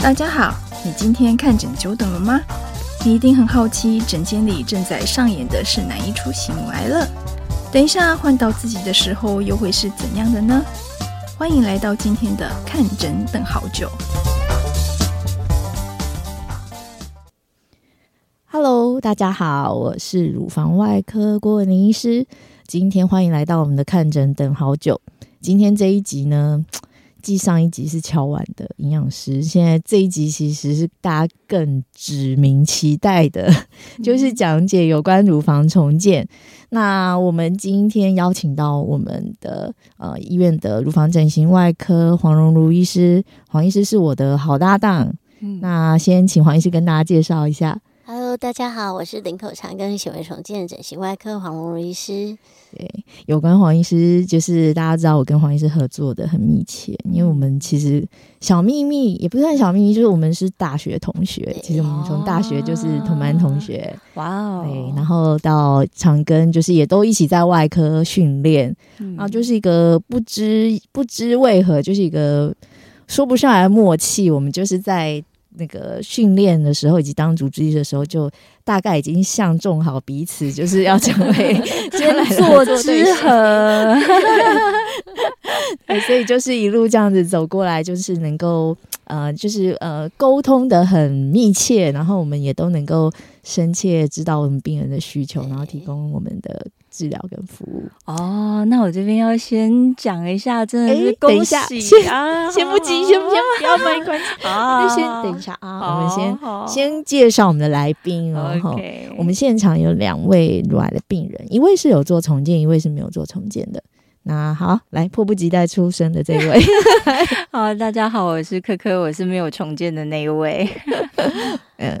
大家好，你今天看診久等了嗎？你一定很好奇，診間裡正在上演的是哪一出喜怒哀樂？等一下換到自己的時候，又會是怎樣的呢？歡迎來到今天的看診等好久。Hello，大家好，我是乳房外科郭玟伶醫師，今天歡迎來到我們的看診等好久。今天這一集呢，繼上一集是喬婉的營養師，現在這一集其實是大家更指名期待的，就是講解有關乳房重建。那我們今天邀請到我們的呃醫院的乳房整形外科黃嫆茹醫師，黃醫師是我的好搭檔。嗯。那先請黃醫師跟大家介紹一下。大家好，我是林口長庚，顯微重建整形外科黃嫆茹醫師。對，有關黃醫師，就是大家知道我跟黃醫師合作的很密切，嗯，因為我們其實小秘密也不算小秘密，就是我們是大學同學。其實我們從大學就是同班同學，哇，哦，哦，然後到長庚就是也都一起在外科訓練，嗯，然後就是一個不知不知為何就是一個說不上來的默契，我們就是在。那個訓練的時候，以及當主治醫的時候，就大概已經相中好彼此，就是要成為天 作之合， 之合 。對，所以就是一路這樣子走過來，就是能夠呃，就是呃，溝通得很密切，然後我們也都能夠深切知道我們病人的需求，然後提供我們的。治療跟服務哦，那我這邊要先講一下，真的是恭喜、啊欸先，啊、好好好先不急，好好好先不好好好先不要沒關、啊、好好那先等一下啊。我們先好好先介紹我們的來賓、哦，然我們現場有兩位乳癌的病人，一位是有做重建，一位是沒有做重建的。那好，來迫不及待出聲的這位， 好，大家好，我是柯柯，我是沒有重建的那一位，嗯、 呃。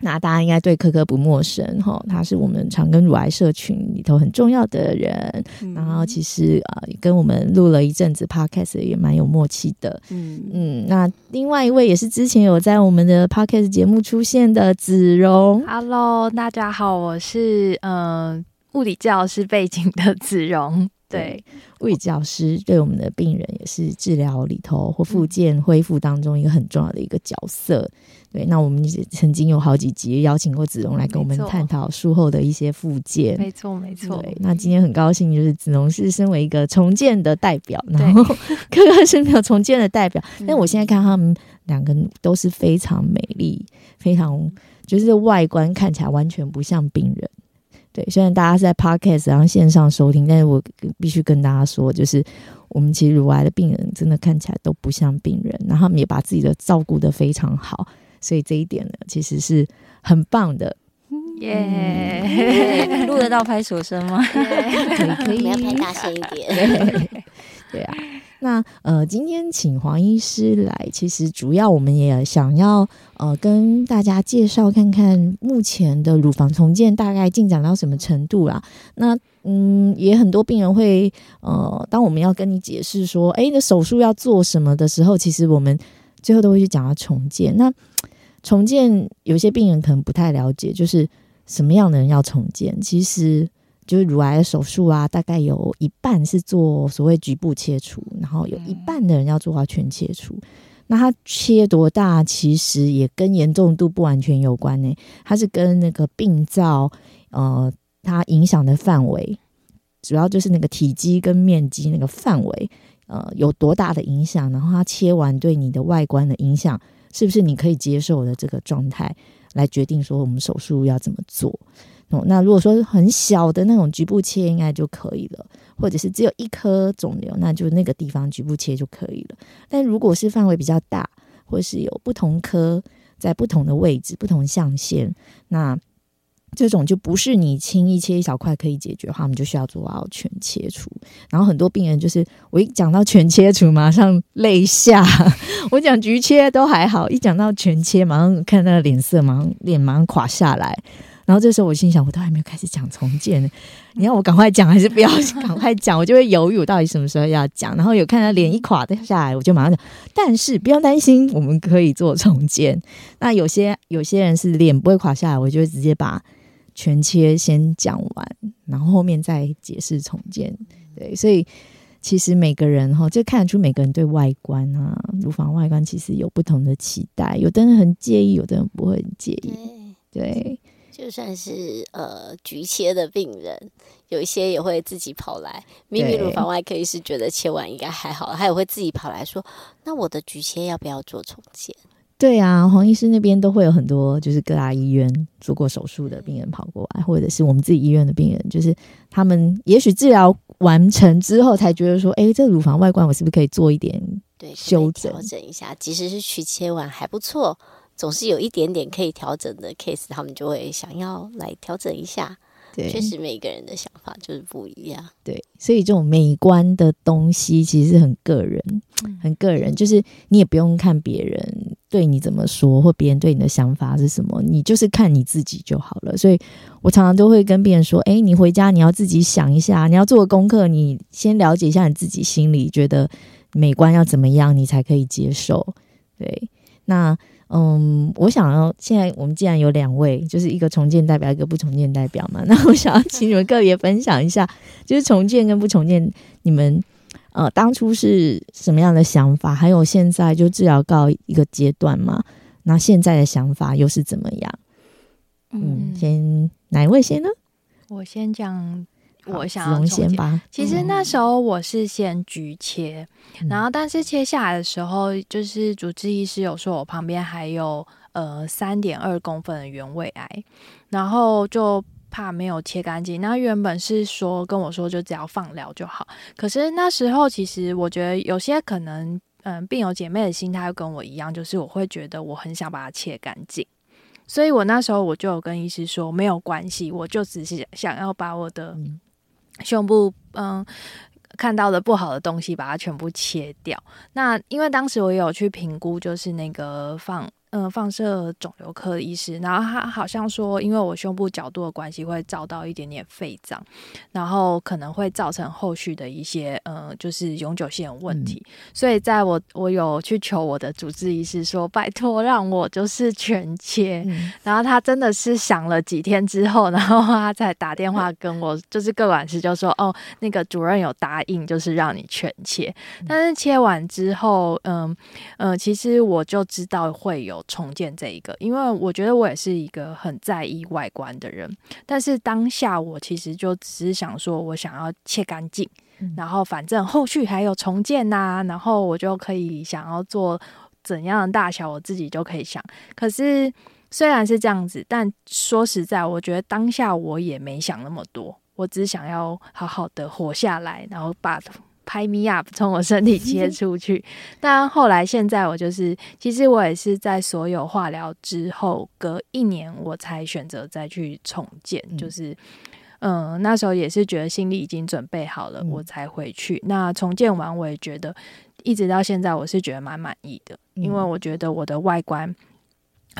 那大家應該對柯柯不陌生哈、哦，他是我們長庚乳癌社群裡頭很重要的人，嗯、然後其實啊、呃、跟我們錄了一陣子 Podcast 也蠻有默契的，嗯嗯。那另外一位也是之前有在我們的 Podcast 節目出現的子容，Hello，大家好，我是、呃、物理教師背景的子容，對，物理教師對我們的病人也是治療裡頭或復健恢復當中一個很重要的一個角色。對，那我們也曾經有好幾集邀請過子容來跟我們探討術後的一些復健，沒錯沒錯。那今天很高興，就是子容是身為一個重建的代表，然後柯柯是沒有重建的代表。但我現在看他們兩個都是非常美麗、嗯，非常就是外觀看起來完全不像病人。對，雖然大家是在 podcast 然後線上收聽，但是我必須跟大家說，就是我們其實乳癌的病人真的看起來都不像病人，然後他們也把自己的照顧得非常好。所以這一點呢，其實是很棒的。耶、yeah, 嗯，錄 得到拍手聲嗎？Yeah, 可以，可以拍大聲一點 對。對啊，那呃，今天請黃醫師來，其實主要我們也想要呃，跟大家介紹看看目前的乳房重建大概進展到什麼程度啦。那嗯，也很多病人會呃，當我們要跟你解釋說，哎、欸，那手術要做什麼的時候，其實我們最後都會去講要重建那。重建有些病人可能不太了解，就是什麼樣的人要重建。其實，就是乳癌手術啊，大概有一半是做所謂局部切除，然後有一半的人要做到全切除。那它切多大，其實也跟嚴重度不完全有關呢、欸。它是跟那個病灶，呃，它影響的範圍，主要就是那個體積跟面積那個範圍，呃，有多大的影響。然後它切完對你的外觀的影響。是不是你可以接受的這個狀態，來決定說我們手術要怎麼做？哦，那如果說很小的那種局部切應該就可以了，或者是只有一顆腫瘤，那就那個地方局部切就可以了。但如果是範圍比較大，或是有不同顆在不同的位置，不同象限，那這種就不是你輕易切一小塊可以解決的話，我們就需要做到全切除。然後很多病人就是我一講到全切除，馬上淚下。我講局切都還好，一講到全切，馬上看他的臉色，馬上臉馬上垮下來。然後這時候我心想，我都還沒有開始講重建呢，你要我趕快講還是不要趕快講？我就會猶豫，我到底什麼時候要講。然後有看他臉一垮下來，我就馬上講，但是不用擔心，我們可以做重建。那有些，有些人是臉不會垮下來，我就會直接把全切先講完，然後後面再解釋重建。對，所以。其實每個人哈，就看出每個人對外觀啊，乳房外觀其實有不同的期待。有的人很介意，有的人不會很介意。對，就算是呃局切的病人，有一些也會自己跑來。明明乳房外科醫師覺得切完應該還好，他也會自己跑來說：“那我的局切要不要做重建？”對啊，黃醫師那邊都會有很多，就是各大醫院做過手術的病人跑過來，或者是我們自己醫院的病人，就是他們也許治療完成之後才覺得說，哎、欸，這乳房外觀我是不是可以做一點修對修整一下？即使是去切完還不錯，總是有一點點可以調整的 case，他們就會想要來調整一下。對，確實每個人的想法就是不一樣。對，所以這種美觀的東西其實很個人，嗯、很個人，就是你也不用看別人對你怎麼說，或別人對你的想法是什麼，你就是看你自己就好了。所以我常常都會跟別人說：“哎、欸，你回家你要自己想一下，你要做個功課，你先了解一下你自己心裡覺得美觀要怎麼樣，你才可以接受。”對，那。嗯，我想要現在我們既然有兩位，就是一個重建代表，一個不重建代表嘛，那我想要請你們個別分享一下， 就是重建跟不重建，你們呃當初是什麼樣的想法，還有現在就治療告一個階段嘛，那現在的想法又是怎麼樣？嗯，嗯，先哪一位先呢？我先講。我想要重切，其實那時候我是先局切，嗯，然後但是切下來的時候，就是主治醫師有說，我旁邊還有呃三點二公分的原位癌，然後就怕沒有切乾淨。那原本是說跟我說就只要放療就好，可是那時候其實我覺得有些可能，嗯，病友姐妹的心態又跟我一樣，就是我會覺得我很想把它切乾淨，所以我那時候我就有跟醫師說沒有關係，我就只是想要把我的、嗯。胸部，嗯，看到的不好的東西，把它全部切掉。那因為當時我也有去評估，就是那個放。嗯、呃，放射腫瘤科的醫師，然後他好像說，因為我胸部角度的關係，會照到一點點肺臟，然後可能會造成後續的一些嗯、呃，就是永久性問題、嗯。所以在我我有去求我的主治醫師說，拜託讓我就是全切、嗯。然後他真的是想了幾天之後，然後他才打電話跟我， 就是個管師就說，哦，那個主任有答應，就是讓你全切。但是切完之後，嗯、呃、嗯、呃，其實我就知道會有。重建這一個，因為我覺得我也是一個很在意外觀的人，但是當下我其實就只是想說，我想要切乾淨，嗯，然後反正後續還有重建吶，啊，然後我就可以想要做怎樣的大小，我自己就可以想。可是雖然是這樣子，但說實在，我覺得當下我也沒想那麼多，我只想要好好的活下來，然後把。拍 me up，從我身體切出去。 但後來現在，我就是其實我也是在所有化療之後隔一年，我才選擇再去重建。嗯、就是嗯、呃，那時候也是覺得心裡已經準備好了、嗯，我才回去。那重建完，我也覺得一直到現在，我是覺得蠻滿意的，因為我覺得我的外觀。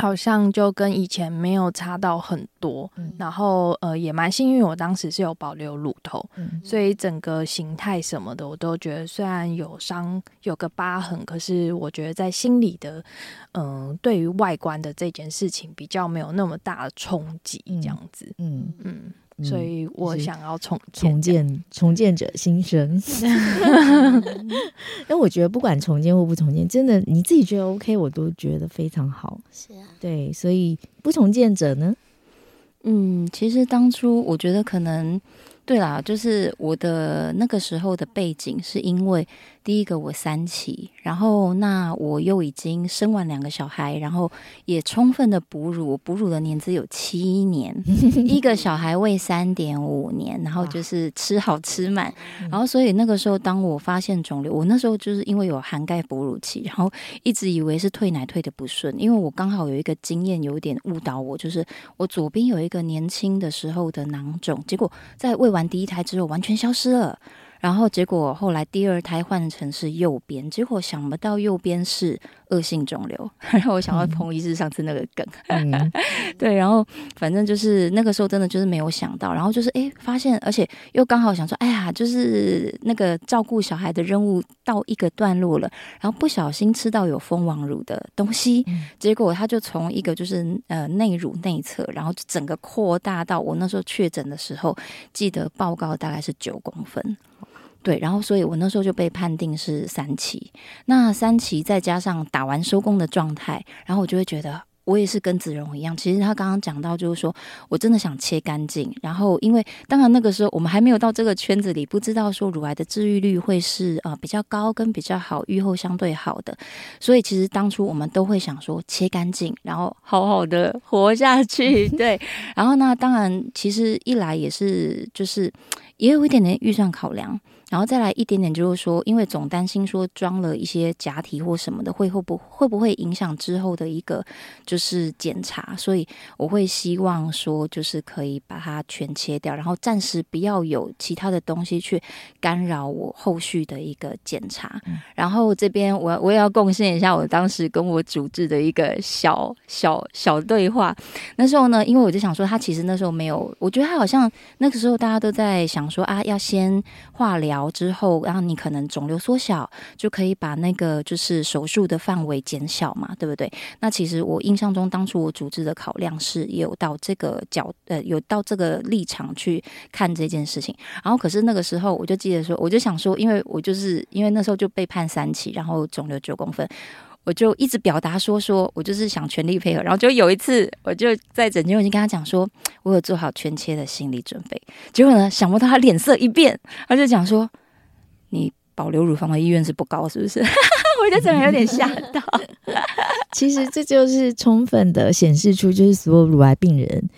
好像就跟以前沒有差到很多，嗯、然後呃也蠻幸運，我當時是有保留乳頭、嗯，所以整個形態什麼的，我都覺得雖然有傷有個疤痕，可是我覺得在心理的，嗯、呃，對於外觀的這件事情比較沒有那麼大的衝擊，這樣子，嗯嗯。嗯嗯、所以我想要重重建，重建者新生，但、啊、 我覺得不管重建或不重建，真的你自己覺得 OK，我都覺得非常好。是啊，對，所以不重建者呢？嗯，其實當初我覺得可能對啦，就是我的那個時候的背景是因為。第一個我三期，然後那我又已經生完兩個小孩，然後也充分的哺乳，我哺乳的年資有七年，一個小孩餵三點五年，然後就是吃好吃滿，然後所以那個時候當我發現腫瘤，我那時候就是因為有涵蓋哺乳期，然後一直以為是退奶退的不順，因為我剛好有一個經驗有點誤導我，就是我左邊有一個年輕的時候的囊腫，結果在餵完第一胎之後完全消失了。然後結果後來第二胎換成是右邊，結果想不到右邊是惡性腫瘤，然後我想到彭醫師上次那個梗。嗯、 對，然後反正就是那個時候真的就是沒有想到，然後就是哎發現，而且又剛好想說，哎呀，就是那個照顧小孩的任務到一個段落了，然後不小心吃到有蜂王乳的東西，結果他就從一個就是呃內乳內側，然後整個擴大到我那時候確診的時候，記得報告大概是九公分。對，然後所以，我那時候就被判定是三期。那三期再加上打完收工的狀態，然後我就會覺得，我也是跟子容一樣。其實他剛剛講到，就是說我真的想切乾淨。然後，因為當然那個時候我們還沒有到這個圈子裡，不知道說乳癌的治癒率會是啊、呃、比較高跟比較好，預後相對好的。所以其實當初我們都會想說切乾淨，然後好好的活下去。 對，然後呢，當然，其實一來也是就是也有一點點預算考量。然後再來一點點，就是說，因為總擔心說裝了一些假體或什麼的會，會會不會不會影響之後的一個就是檢查，所以我會希望說，就是可以把它全切掉，然後暫時不要有其他的東西去干擾我後續的一個檢查。嗯、然後這邊我我也要貢獻一下我當時跟我主治的一個小小小對話。那時候呢，因為我就想說，他其實那時候沒有，我覺得他好像那個時候大家都在想說，啊，要先化療之後，然後你可能腫瘤縮小，就可以把那個就是手術的範圍減小嘛，對不對？那其實我印象中，當初我組織的考量是，有到這個角，呃，有到這個立場去看這件事情。然後，可是那個時候，我就記得說，我就想說，因為我就是因為那時候就被判三期，然後腫瘤九公分。我就一直表達說，說，說我就是想全力配合，然後就有一次，我就在診間我已經跟他講說我有做好全切的心理準備。結果呢，想不到他臉色一變，他就講說你保留乳房的意願是不高，是不是？ 我覺得真的有點嚇到，嗯。 其實這就是充分的顯示出，就是所有乳癌病人，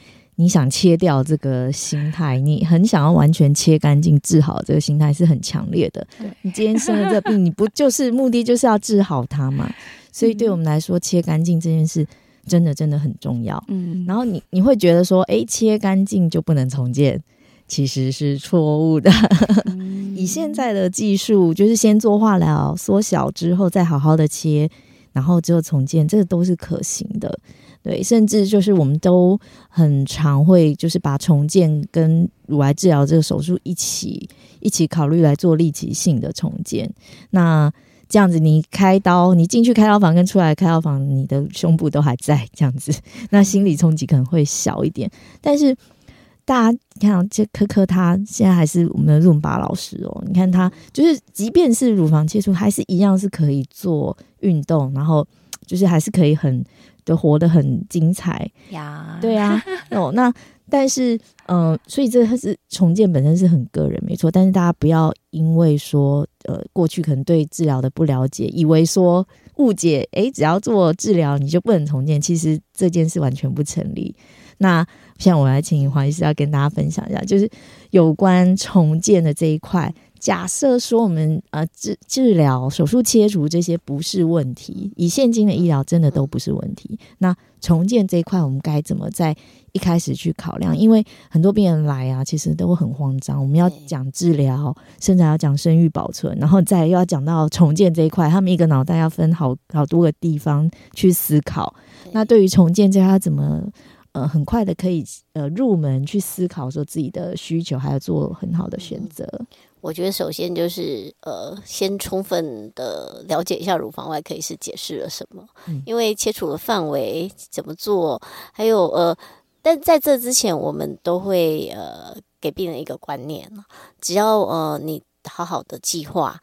你想切掉這個心態，你很想要完全切乾淨治好這個心態是很強烈的。你今天生了這病，你不就是目的就是要治好它嘛？所以對我們來說，嗯、切乾淨這件事真的真的很重要。嗯，然後你你會覺得說，誒，切乾淨就不能重建，其實是錯誤的。 以現在的技術，就是先做化療縮小之後，再好好的切，然後之後重建，這個、都是可行的。對，甚至就是我們都很常會，就是把重建跟乳癌治療這個手術一起一起考慮來做立即性的重建。那這樣子，你開刀，你進去開刀房跟出來開刀房，你的胸部都還在這樣子，那心理衝擊可能會小一點。但是大家你看，哦，這柯柯他現在還是我們的 Zumba 老師哦。你看他就是，即便是乳房切除，還是一樣是可以做運動，然後就是還是可以很。都活得很精彩，yeah. 對啊，哦、no,，那但是，嗯、呃，所以這還是重建本身是很個人，沒錯。但是大家不要因為說，呃，過去可能對治療的不了解，以為說誤解，哎，只要做治療你就不能重建，其實這件事完全不成立。那像我來請黃醫師要跟大家分享一下，就是有關重建的這一塊。嗯假設說我們呃治治療手術切除這些不是問題，以現今的醫療真的都不是問題。那重建這一塊，我們該怎麼在一開始去考量？因為很多病人來啊，其實都會很慌張。我們要講治療，甚至要講生育保存，然後再又要講到重建這一塊，他們一個腦袋要分好好多個地方去思考。那對於重建這塊怎麼？呃，很快的可以呃入門去思考說自己的需求，還要做很好的選擇，嗯。我覺得首先就是呃，先充分的了解一下乳房外科醫師解釋了什麼，嗯，因為切除了範圍怎麼做，還有呃，但在這之前，我們都會呃給病人一個觀念，只要呃你好好的計劃。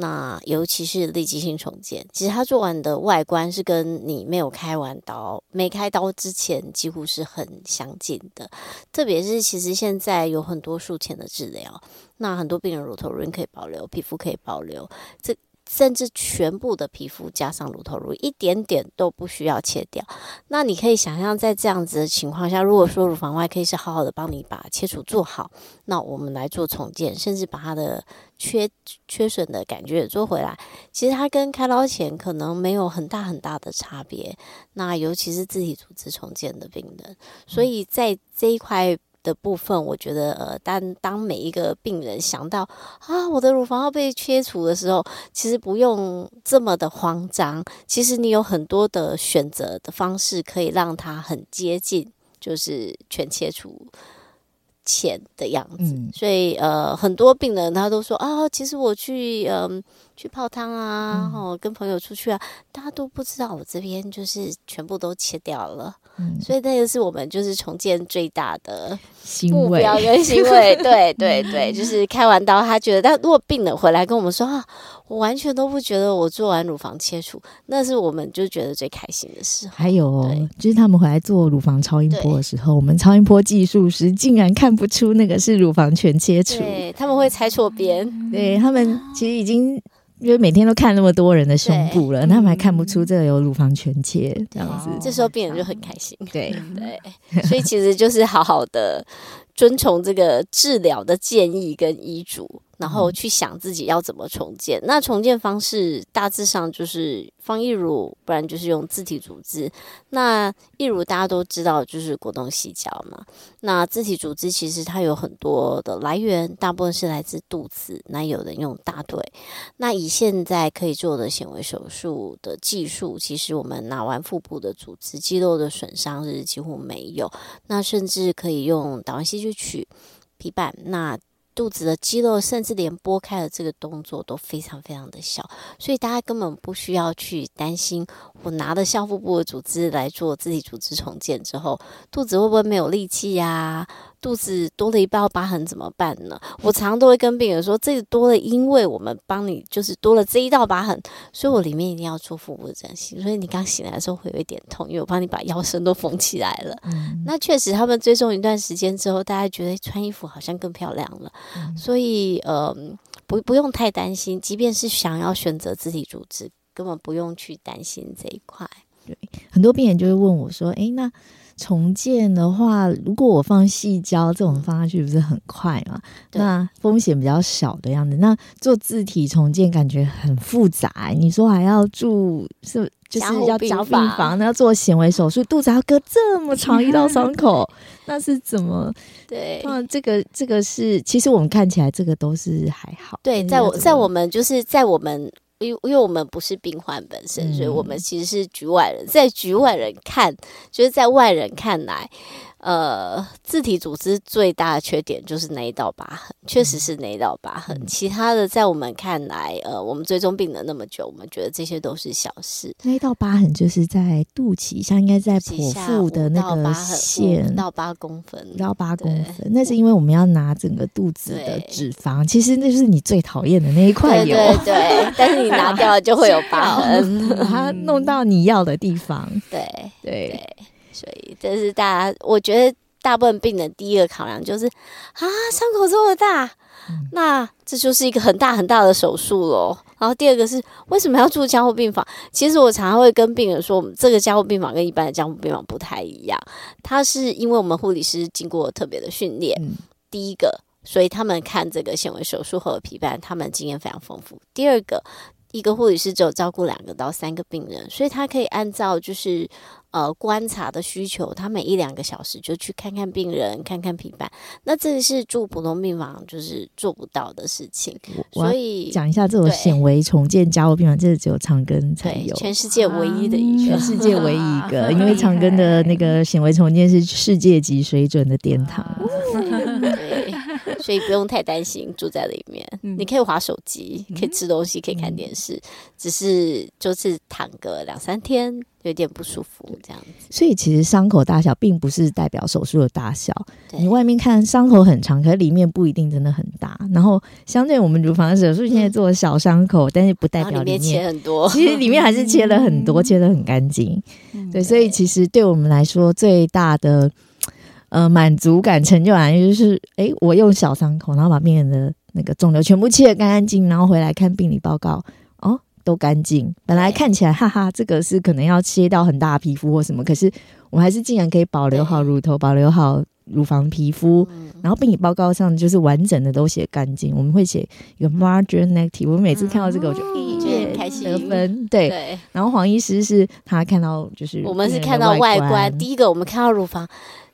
那尤其是立即性重建，其實它做完的外觀是跟你沒有開完刀，沒開刀之前幾乎是很相近的。特別是其實現在有很多術前的治療，那很多病人乳頭仍可以保留，皮膚可以保留，這。甚至全部的皮膚加上乳頭乳，一點點都不需要切掉。那你可以想象，在這樣子的情況下，如果說乳房外科可以是好好的幫你把切除做好，那我們來做重建，甚至把它的缺缺損的感覺也做回來，其實它跟開刀前可能沒有很大很大的差別。那尤其是自體組織重建的病人，所以在這一塊。的部分，我覺得呃，但當每一個病人想到啊，我的乳房要被切除的時候，其實不用這麼的慌張。其實你有很多的選擇的方式，可以讓他很接近就是全切除前的樣子。嗯、所以呃，很多病人他都說啊，其實我去嗯、呃、去泡湯啊，哦跟朋友出去啊，大家都不知道我這邊就是全部都切掉了。嗯、所以，那個是我們就是重建最大的目標跟欣慰， 對對對，就是開完刀他覺得，但如果病人回來跟我們說啊，我完全都不覺得我做完乳房切除，那是我們就覺得最開心的時候。還有就是他們回來做乳房超音波的時候，我們超音波技術師竟然看不出那個是乳房全切除，對，他們會猜錯邊，嗯，對他們其實已經、嗯。因為每天都看那麼多人的胸部了，他們還看不出這個有乳房全切這樣子。這時候病人就很開心，對對，對，所以其實就是好好的遵從這個治療的建議跟醫囑。然後去想自己要怎麼重建。那重建方式大致上就是放義乳，不然就是用自體組織。那義乳大家都知道，就是果凍矽膠嘛。那自體組織其實它有很多的來源，大部分是來自肚子。那有人用大腿。那以現在可以做的顯微手術的技術，其實我們拿完腹部的組織，肌肉的損傷是幾乎沒有。那甚至可以用達文西去取皮瓣。那肚子的肌肉，甚至連撥開的這個動作都非常非常的小，所以大家根本不需要去擔心，我拿的下腹部的組織來做自體組織重建之後，肚子會不會沒有力氣呀、啊？肚子多了一道疤痕怎麼辦呢？我常常都會跟病人說，這多了，因為我們幫你就是多了這一道疤痕，所以我裡面一定要做腹部整形。所以你剛醒來的時候會有一點痛，因為我幫你把腰身都縫起來了。嗯、那確實，他們追蹤一段時間之後，大家覺得穿衣服好像更漂亮了。嗯、所以，嗯、呃，不，不用太擔心。即便是想要選擇自體組織，根本不用去擔心這一塊。很多病人就會問我說：“哎、欸，那重建的話，如果我放矽膠這種放下去，不是很快嗎？那風險比較小的樣子，嗯。那做自體重建感覺很複雜，欸。你說還要住是就是要病房，那要做顯微手術， 肚子要割這麼長一道傷口， 那是怎麼？對，那、啊、這個這個是，其實我們看起來這個都是還好。對，在我，在我們就是在我們。”因為，因為我們不是病患本身，所以我們其實是局外人，在局外人看，就是在外人看來。呃，自體組織最大的缺點就是那一道疤痕，嗯、確實是那一道疤痕，嗯。其他的在我們看來，呃，我們最終病了那麼久，我們覺得這些都是小事。那一道疤痕就是在肚臍下，像應該在剖腹的那個線到八，嗯、公分，到八公分。那是因為我們要拿整個肚子的脂肪，其實那就是你最討厭的那一塊油。對，對，對， 但是你拿掉了就會有疤痕。把、 嗯、 它弄到你要的地方。對，對。對所以這是大家，我覺得大部分病人第一個考量就是，啊，傷口這麼大，那這就是一個很大很大的手術咯。然後第二個是，為什麼要住加護病房？其實我常常會跟病人說，我們這個加護病房跟一般的加護病房不太一樣，它是因為我們護理師經過特別的訓練、嗯，第一個，所以他們看這個顯微手術後的皮瓣，他們經驗非常豐富。第二個，一個護理師只有照顧兩個到三個病人，所以他可以按照就是。呃，觀察的需求，他每一兩個小時就去看看病人，嗯、看看平板。那這裡是住普通病房就是做不到的事情。所以講一下這種顯微重建加護病房，這是只有長庚才有。全世界唯一的，一個、啊，全世界唯一一個，因為長庚的那個顯微重建是世界級水準的殿堂。啊 所以不用太擔心，住在裡面，嗯、你可以划手機，可以吃東西，可以看電視，嗯嗯、只是就是躺個兩三天，有點不舒服這樣子。所以其實傷口大小並不是代表手術的大小。對，你外面看傷口很長，可是裡面不一定真的很大。然後相對我們乳房的手術、嗯、現在做的小傷口，但是不代表裡面，裡面切很多，其實裡面還是切了很多，嗯、切得很乾淨、嗯。對，所以其實對我們來說最大的。呃，滿足感成就感也就是哎、欸，我用小傷口，然後把病人的那個腫瘤全部切的干干淨，然後回來看病理報告，哦，都乾淨。本來看起來，哈哈，這個是可能要切到很大的皮膚或什麼，可是我們還是竟然可以保留好乳頭，保留好乳房皮膚、嗯，然後病理報告上就是完整的都寫乾淨。我們會寫一個 margin negative，我每次看到這個我就特別、嗯、開心，得分對，對。然後黃醫師是他看到就是我們是看到外觀，第一個我們看到乳房。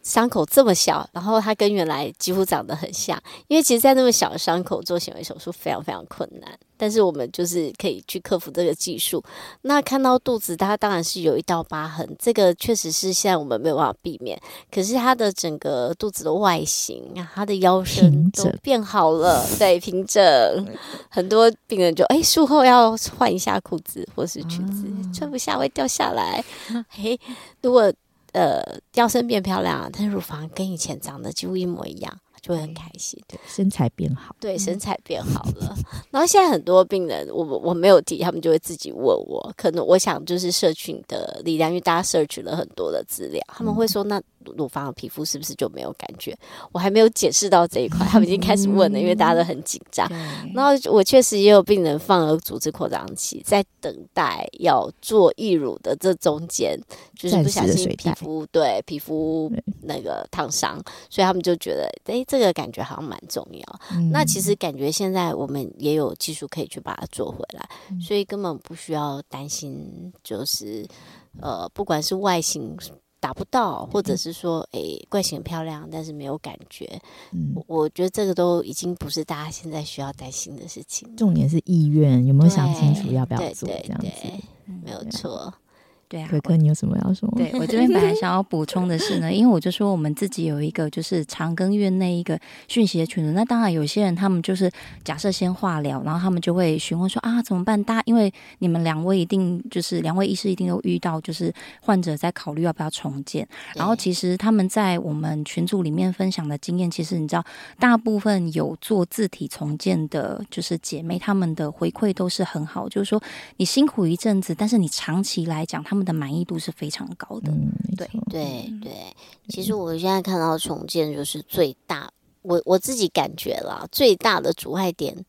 傷口這麼小，然後它跟原來幾乎長得很像，因為其實，在那麼小的傷口做顯微手術非常非常困難，但是我們就是可以去克服這個技術。那看到肚子，它當然是有一道疤痕，這個確實是現在我們沒有辦法避免。可是它的整個肚子的外形啊，它的腰身都變好了，對，平整。 很多病人就哎，欸、術後要換一下褲子或是裙子，啊、穿不下會掉下來。嘿、欸，如果。呃，雕身變漂亮，但乳房跟以前長得幾乎一模一樣。就會很開心。對對，身材變好，對身材變好了，嗯。然後現在很多病人，我我沒有提，他們就會自己問我。可能我想就是社群的力量，因為大家攝取了很多的資料，他們會說：那乳房皮膚是不是就沒有感覺？我還沒有解釋到這一塊，他們已經開始問了，嗯，因為大家都很緊張。然後我確實也有病人放了組織擴張器，在等待要做義乳的這中間，就是不小心皮膚對皮膚那個燙傷，所以他們就覺得誒。欸這個感覺好像蠻重要，嗯。那其實感覺現在我們也有技術可以去把它做回來，嗯、所以根本不需要擔心，就是呃，不管是外形達不到，對對，或者是說，誒、欸，外形很漂亮，但是沒有感覺。嗯，我，我覺得這個都已經不是大家現在需要擔心的事情。重點是意願有沒有想清楚要不要做，對，對，對，沒有錯。對，柯柯，你有什麼要說？對，我這邊本來想要補充的是呢， 因為我就說我們自己有一個就是長庚院那一個訊息的群組，那當然有些人他們就是假設先化療，然後他們就會詢問說啊怎麼辦？大家因為你們兩位一定就是兩位醫師一定都遇到就是患者在考慮要不要重建，然後其實他們在我們群組裡面分享的經驗，其實你知道大部分有做自體重建的，就是姐妹他們的回饋都是很好，就是說你辛苦一陣子，但是你長期來講，他們的滿意度是非常高的、嗯，對對對。其實我現在看到重建就是最大，嗯、我我自己感覺啦最大的阻礙點，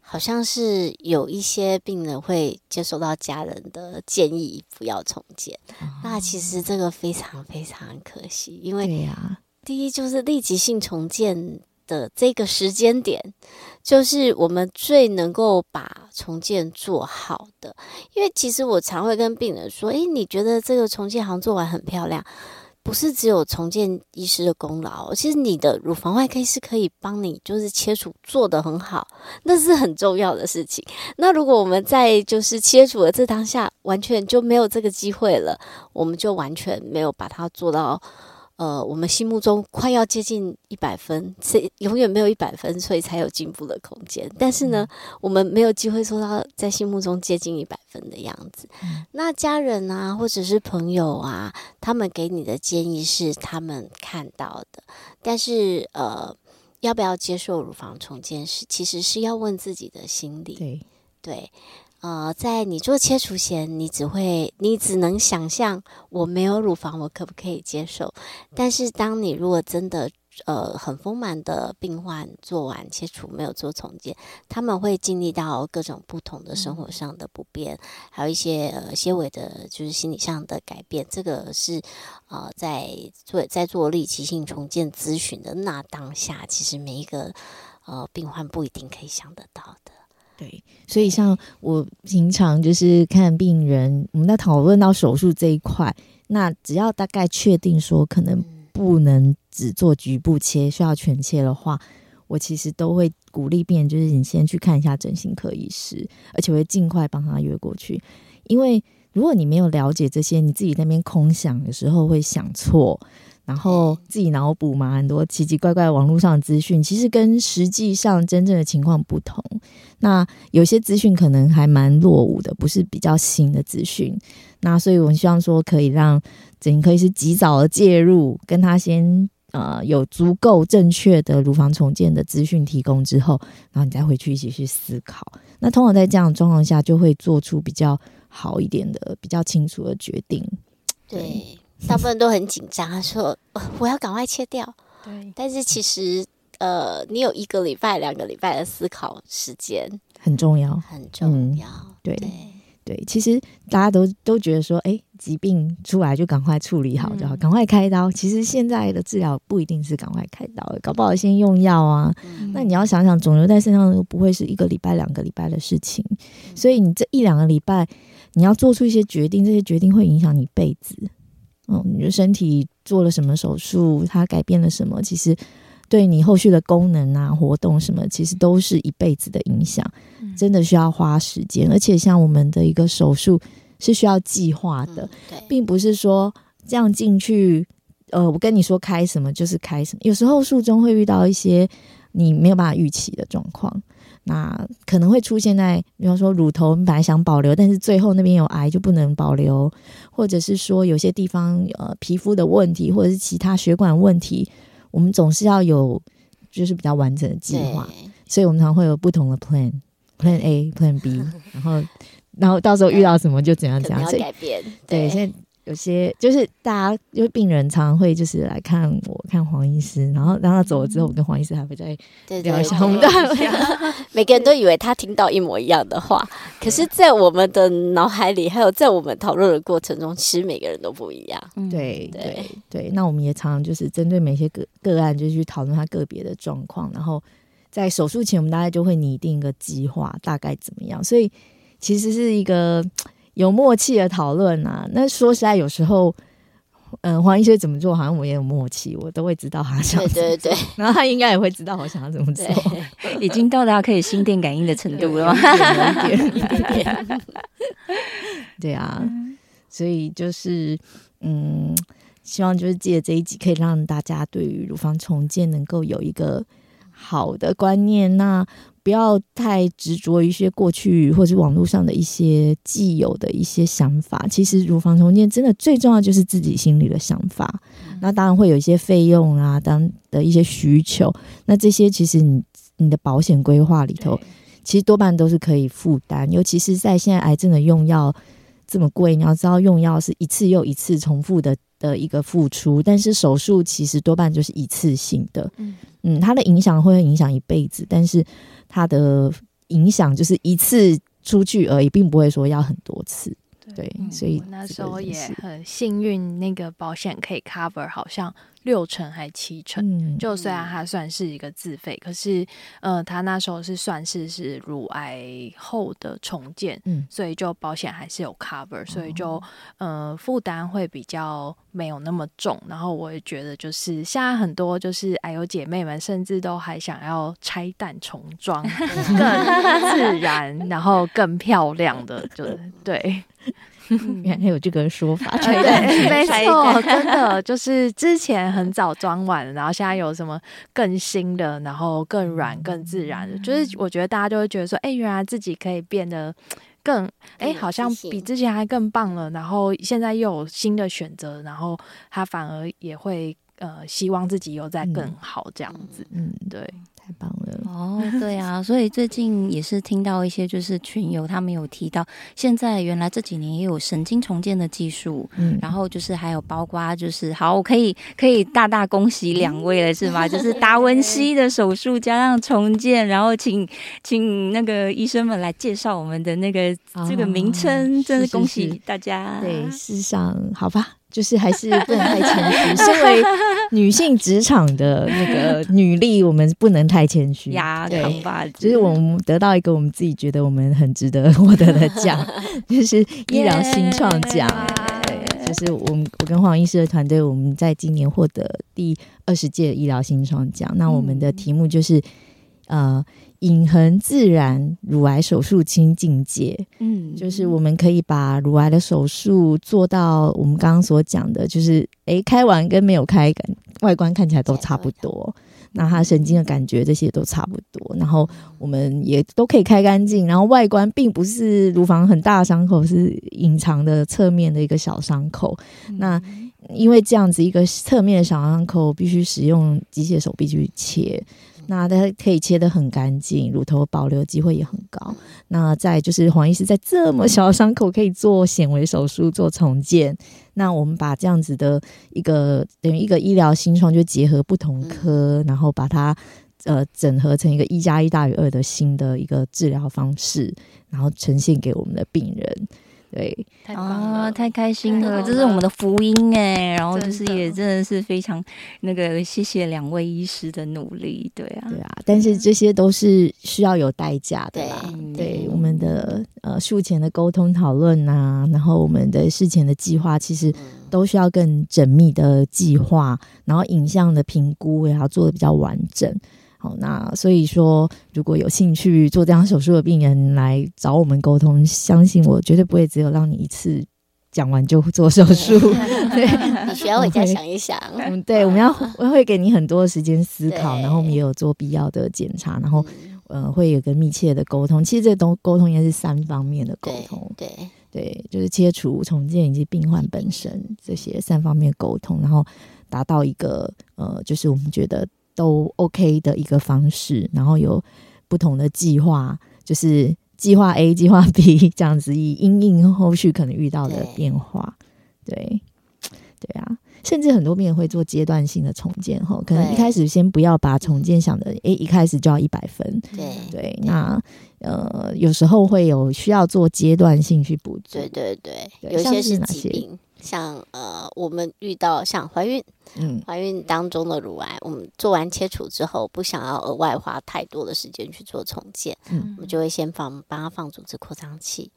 好像是有一些病人會接受到家人的建議不要重建，嗯、那其實這個非常非常可惜，因為對呀，第一就是立即性重建的這個時間點。就是我們最能夠把重建做好的，因為其實我常會跟病人說，誒，你覺得這個重建好像做完很漂亮，不是只有重建醫師的功勞，其實你的乳房外科是可以幫你，就是切除做得很好，那是很重要的事情。那如果我們在就是切除的這當下，完全就沒有這個機會了，我們就完全沒有把它做到，呃，我們心目中快要接近一百分，所以永遠沒有一百分，所以才有進步的空間。但是呢，嗯，我們沒有機會做到在心目中接近一百分的樣子，嗯。那家人啊，或者是朋友啊，他們給你的建議是他們看到的。但是呃，要不要接受乳房重建？是其實是要問自己的心理，對。對呃，在你做切除前，你只會你只能想象我沒有乳房，我可不可以接受？但是，當你如果真的呃很豐滿的病患，做完切除沒有做重建，他們會經歷到各種不同的生活上的不便，嗯、還有一些呃些微的就是心理上的改變。這個是呃在做在做立即性重建諮詢的那當下，其實每一個呃病患不一定可以想得到的。對，所以像我平常就是看病人，我們在討論到手術這一塊，那只要大概確定說可能不能只做局部切，需要全切的話，我其實都會鼓勵病人，就是你先去看一下整形科醫師，而且會儘快幫他約過去，因為如果你沒有了解這些，你自己在那邊空想的時候會想錯。然後自己腦補嘛，很多奇奇怪怪的網絡上的資訊，其實跟實際上真正的情況不同。那有些資訊可能還蠻落伍的，不是比較新的資訊。那所以，我們希望說可以讓，整可以是及早的介入，跟他先呃有足夠正確的乳房重建的資訊提供之後，然後你再回去一起去思考。那通常在這樣的狀況下，就會做出比較好一點的、比較清楚的決定。對。大部分都很緊張，他說：“我要趕快切掉。”對，但是其實，呃，你有一個禮拜、兩個禮拜的思考時間很重要，很重要、嗯對。對，對，其實大家都都覺得說：“哎、欸，疾病出來就趕快處理好就好，趕、嗯、快開刀。”其實現在的治療不一定是趕快開刀，搞不好先用藥啊、嗯。那你要想想，腫瘤在身上又不會是一個禮拜、兩個禮拜的事情、嗯，所以你這一兩個禮拜，你要做出一些決定，這些決定會影響你一輩子。嗯，你的身體做了什麼手術？它改變了什麼？其實，對你後續的功能啊、活動什麼，其實都是一輩子的影響。嗯、真的需要花時間，而且像我們的一個手術是需要計劃的、嗯，並不是說這樣進去，呃，我跟你說開什麼就是開什麼。有時候術中會遇到一些你沒有辦法預期的狀況。那可能會出現在，比方說乳頭，我們本來想保留，但是最後那邊有癌就不能保留，或者是說有些地方呃、皮膚的問題，或者是其他血管問題，我們總是要有就是比較完整的計劃，所以我們常常會有不同的 plan，plan A，plan B， 然後然後到時候遇到什麼就怎樣怎樣，欸、要改變對，對，現在。有些就是大家因為病人常常會就是來看我看黃醫師，然後當他走了之後，嗯、我跟黃醫師還會再聊一下。對對對，我們都 每個人都以為他聽到一模一樣的話，可是，在我們的腦海裡，還有在我們討論的過程中，其實每個人都不一樣。嗯、對對對，對，那我們也常常就是針對每一些個個案，就是，去討論他個別的狀況，然後在手術前，我們大概就會擬定一個計劃，大概怎麼樣。所以其實是一個。有默契的討論啊，那說實在，有時候，嗯、呃，黃醫生怎麼做好像我也有默契，我都會知道他想，對對對，然後他應該也會知道我想要怎麼做，已經到達可以心電感應的程度了，一對啊，所以就是，嗯，希望就是借這一集可以讓大家對於乳房重建能夠有一個好的觀念，那。不要太執着於一些過去或是網絡上的一些既有的一些想法。其實乳房重建真的最重要就是自己心裡的想法。嗯、那當然會有一些費用啊，當的一些需求，那這些其實你你的保險規劃裡頭，其實多半都是可以負擔。尤其是在現在癌症的用藥。這麼貴，你要知道用藥是一次又一次重複的的一個付出，但是手術其實多半就是一次性的，嗯，嗯，它的影響會影響一輩子，但是它的影響就是一次出去而已，並不會說要很多次，對，對，所以、嗯、那時候也很幸運，那個保險可以 cover，好像。六成還是七成，嗯？就雖然他算是一個自費，嗯，可是呃，她那時候是算是是乳癌後的重建，嗯、所以就保險還是有 cover，嗯，所以就呃負擔會比較沒有那麼重。然後我也覺得，就是現在很多就是哎呦姐妹們，甚至都還想要拆彈重裝，更自然， 然後更漂亮的，就對。 原來有這個說法， 啊、對，欸、沒錯，真的就是之前很早裝完，然後現在有什麼更新的，然後更軟、更自然的，就是我覺得大家就會覺得說，哎、欸，原來自己可以變得更，哎、欸，好像比之前還更棒了。然後現在又有新的選擇，然後他反而也會呃，希望自己有再更好這樣子，嗯，嗯嗯對。棒了哦、oh,，對啊，所以最近也是聽到一些，就是群友他們有提到，現在原來這幾年也有神經重建的技術，嗯，然後就是還有包括就是，好，我可以可以大大恭喜兩位了，是嗎？就是達文西的手術加上重建， 然後請請那個醫生們來介紹我們的那個這個名稱，oh, 真的是恭喜大家。是是是對，世上好吧。就是還是不能太謙虛， 身為女性職場的那個女力，我們不能太謙虛。 對，就是我們得到一個我們自己覺得我們很值得獲得的獎， 就是醫療新創獎，yeah。就是我們我跟黃醫師的團隊，我們在今年獲得第二十屆醫療新創獎，嗯。那我們的題目就是呃。隱痕自然乳癌手術新境界，嗯，就是我們可以把乳癌的手術做到我們剛剛所講的，就是哎、欸、開完跟沒有開，感外觀看起來都差不多，那它神經的感覺這些都差不多，嗯、然後我們也都可以開乾淨，然後外觀並不是乳房很大的傷口，是隱藏的側面的一個小傷口，嗯。那因為這樣子一個側面的小傷口，必須使用機械手臂去切。那它可以切得很乾淨，乳頭保留機會也很高。嗯、那再就是黃醫師在這麼小傷口可以做顯微手術做重建。那我們把這樣子的一個等於一個醫療新創，就結合不同科，嗯、然後把它呃整合成一個一加一大於二的新的一個治療方式，然後呈現給我們的病人。對，啊，太開心了，太好了，這是我們的福音哎、欸啊。然後就是也真的是非常那個，謝謝兩位醫師的努力對、啊。對啊，對啊，但是這些都是需要有代價的啦。對，我們的術、呃、前的溝通討論啊，然後我們的事前的計劃，其實都需要更縝密的計劃、嗯，然後影像的評估也、欸、要做的比較完整。好，那所以說，如果有興趣做這樣手術的病人來找我們溝通，相信我絕對不會只有讓你一次講完就做手術。對， 對你需要回家想一想。嗯，對，我們，我們要 我會給你很多時間思考，然後我們也有做必要的檢查，然後、嗯、呃會有個密切的溝通。其實這個溝通應該是三方面的溝通。對對，對，就是切除、重建以及病患本身這些三方面溝通，然後達到一個呃，就是我們覺得。都 OK 的一個方式，然後有不同的計劃，就是計劃 A、計劃 B 這樣子，以因應後續可能遇到的變化。對對，對啊，甚至很多病人會做階段性的重建哈，可能一開始先不要把重建想的誒、欸，一開始就要一百分。對對，那呃，有時候會有需要做階段性去補足。對對對，對有些是，是哪些？像呃，我們遇到像懷孕，懷孕當中的乳癌，我們做完切除之後，不想要額外花太多的時間去做重建，我們就會先放，幫他放組織擴張器，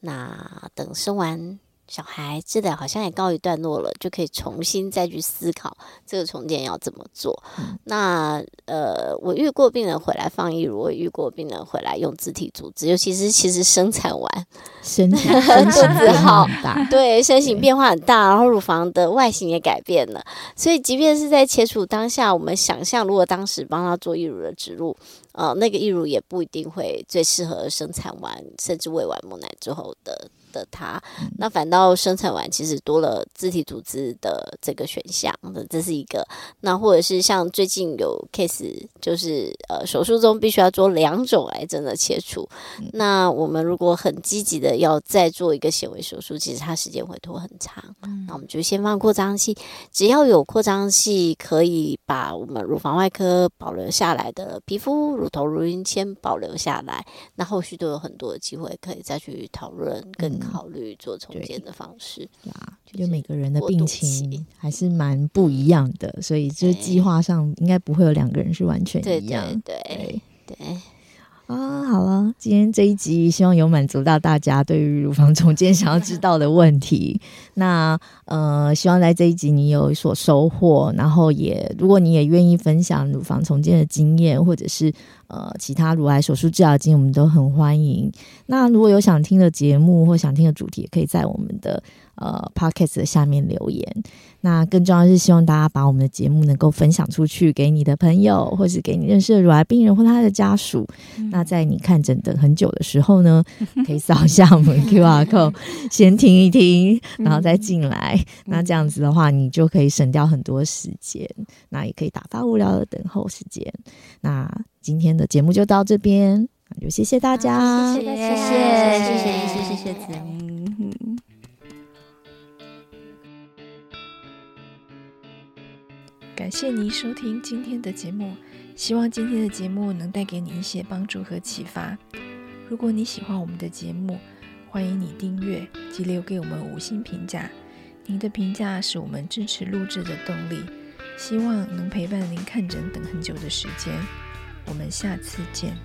那等生完。小孩子的好像也告一段落了，就可以重新再去思考這個重建要怎麼做。嗯、那呃，我遇過病人回來放義乳，我遇過病人回來用自體組織，尤其是其實生產完，身，體身體 肚子 好大吧， 對身形變化很大，然後乳房的外形也改變了。所以，即便是在切除當下，我們想象如果當時幫他做義乳的植入。呃，那個義乳也不一定會最適合生產完甚至餵完母奶之後的的他，那反倒生產完其實多了自體組織的這個選項的，這是一個。那或者是像最近有 case，就是呃手術中必須要做兩種癌症的切除，嗯，那我們如果很積極的要再做一個顯微手術，其實它時間會拖很長，嗯。那我們就先放擴張器，只要有擴張器，可以把我們乳房外科保留下來的皮膚。乳頭乳暈先保留下來，那後續都有很多機會可以再去討論跟考慮做重建的方式。嗯、對啊、就是，就每個人的病情還是蠻不一樣的，嗯、所以就計劃上應該不會有兩個人是完全一樣。對對對,對,對,對,對，啊，好了，今天這一集希望有滿足到大家對於乳房重建想要知道的問題。 那呃，希望在這一集你有所收穫，然後也如果你也願意分享乳房重建的經驗，或者是呃其他乳癌手術治療的經驗，我們都很歡迎。那如果有想聽的節目或想聽的主題，也可以在我們的呃 podcast 的下面留言。那更重要的是希望大家把我們的節目能夠分享出去給你的朋友，或是給你認識的乳癌病人或他的家屬、嗯。那在你看診等很久的時候呢，嗯、可以掃一下我們 QR code 先聽一聽，嗯、然後。再進來，那這樣子的話，你就可以省掉很多時間，嗯，那也可以打發無聊的等候時間。那今天的節目就到這邊，那就謝謝大家，啊，謝謝，謝謝，謝謝，謝謝子昂。感、嗯、謝您收聽今天的節目，希望今天的節目能帶給你一些幫助和啟發。如果你喜歡我們的節目，歡迎你訂閱及留給我們五星評價，您的評價是我們支持錄製的動力。希望能陪伴您看診等很久的時間，我們下次見。